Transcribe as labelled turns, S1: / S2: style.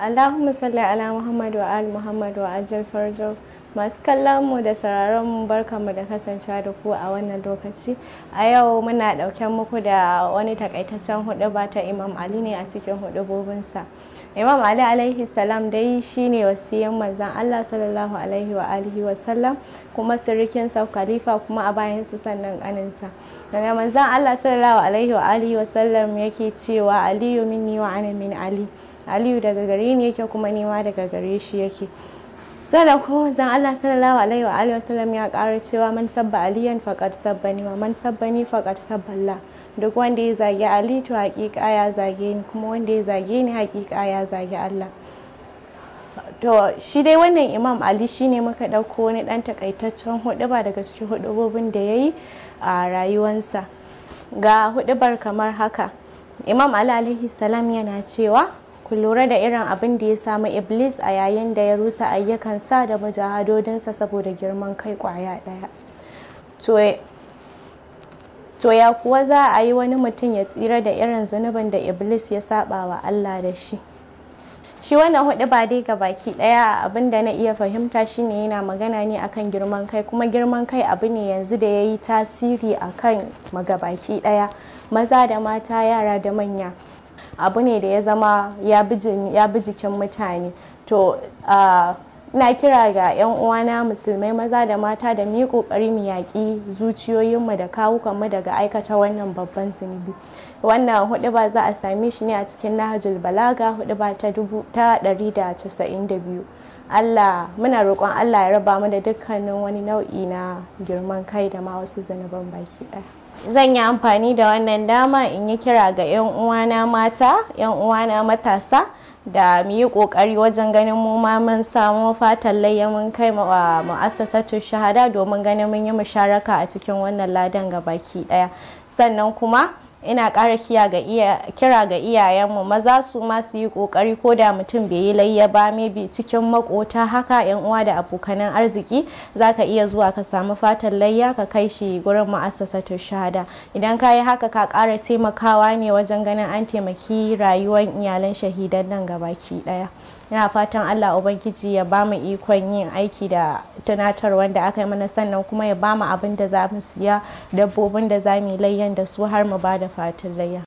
S1: Allahumma salli ala Muhammad wa al Muhammad wa ajal farjo masu kallon mu da sararin mu mu da kasancewa da ku a wannan lokaci a yau muna ɗauken muku da wani takaitaccen hudu ba ta Imam Ali ne a cikin gobinsa imam ali alaihi salam dai shine wasiyan manzan allah sallallahu alaihi wa alihi wa sallam kuma sirrikin sa khalifa kuma a bayan su sannan aninsa daga manzan allah sallallahu alaihi wa alihi wa sallam yake cewa aliyu minni wa ana min ali aliyu daga gare ni yake kuma nema daga gare shi yake sada kuma zan Allah sallallahu alaihi wa alihi wasallam ya ƙara cewa man sabba aliyan faqad sabbani wa man sabbani faqad sabballa duk wanda ya zage ali to haƙiƙa ya zage ni kuma wanda ya zage ni haƙiƙa ya zage Allah to shi dai wannan imam ali shine muka ɗauko wani ɗan takaitaccen huɗuba daga cikin hudubobin da ya yi a rayuwansa ga huɗubar kamar haka imam ali alaihi salam yana cewa ku lura da irin abin da ya samu iblis a yayin da ya rusa ayyukan sa da mujahadodinsa saboda girman kai kwaya ɗaya to ya kuwa za a yi wani mutum ya tsira da irin zunubin da iblis ya saba wa allah da shi shi wannan hudu ba dai ga baki daya abin da na iya fahimta shine yana magana ne akan girman kai kuma girman kai abu ne yanzu da ya yi tasiri akan magabaki daya maza da mata yara da manya abu ne da ya zama ya bi jikin mutane to ina kira ga 'yan uwana musulmai maza da mata da mi kokari mu yaƙi zuciyoyinmu da kawukanmu daga aikata wannan babban zunubi wannan hudu ba za a same shi ne a cikin nahajul balaga hudu ba ta 192 Allah muna roƙon Allah ya raba mu da dukkanin wani nau'i na girman kai da ma wasu zanuban baki ɗaya. zan yi amfani da wannan dama in yi kira ga 'yan uwana mata 'yan uwana matasa da mu yi ƙoƙari wajen ganin mu ma mun samu fatan layya mun kai wa mu'assasatu shahada domin ganin mun yi musharaka a cikin wannan ladan ga baki ɗaya sannan kuma ina ƙara kira ga iyayenmu maza su ma su yi ƙoƙari ko da mutum bai yi layya ba maybe cikin makota haka yan uwa da abokanan arziki za ka iya zuwa ka samu fatan layya ka kai shi gurin ma'asasatul shahada idan ka yi haka ka ƙara taimakawa ne wajen ganin an taimaki rayuwar iyalan shahidan nan gabaki ɗaya ina fatan allah ubangiji ya ba mu ikon yin aiki da tunatar wanda aka yi mana sannan kuma ya ba mu abin da za mu siya dabbobin da za mu yi layyan da su har mu ba da da fatan layya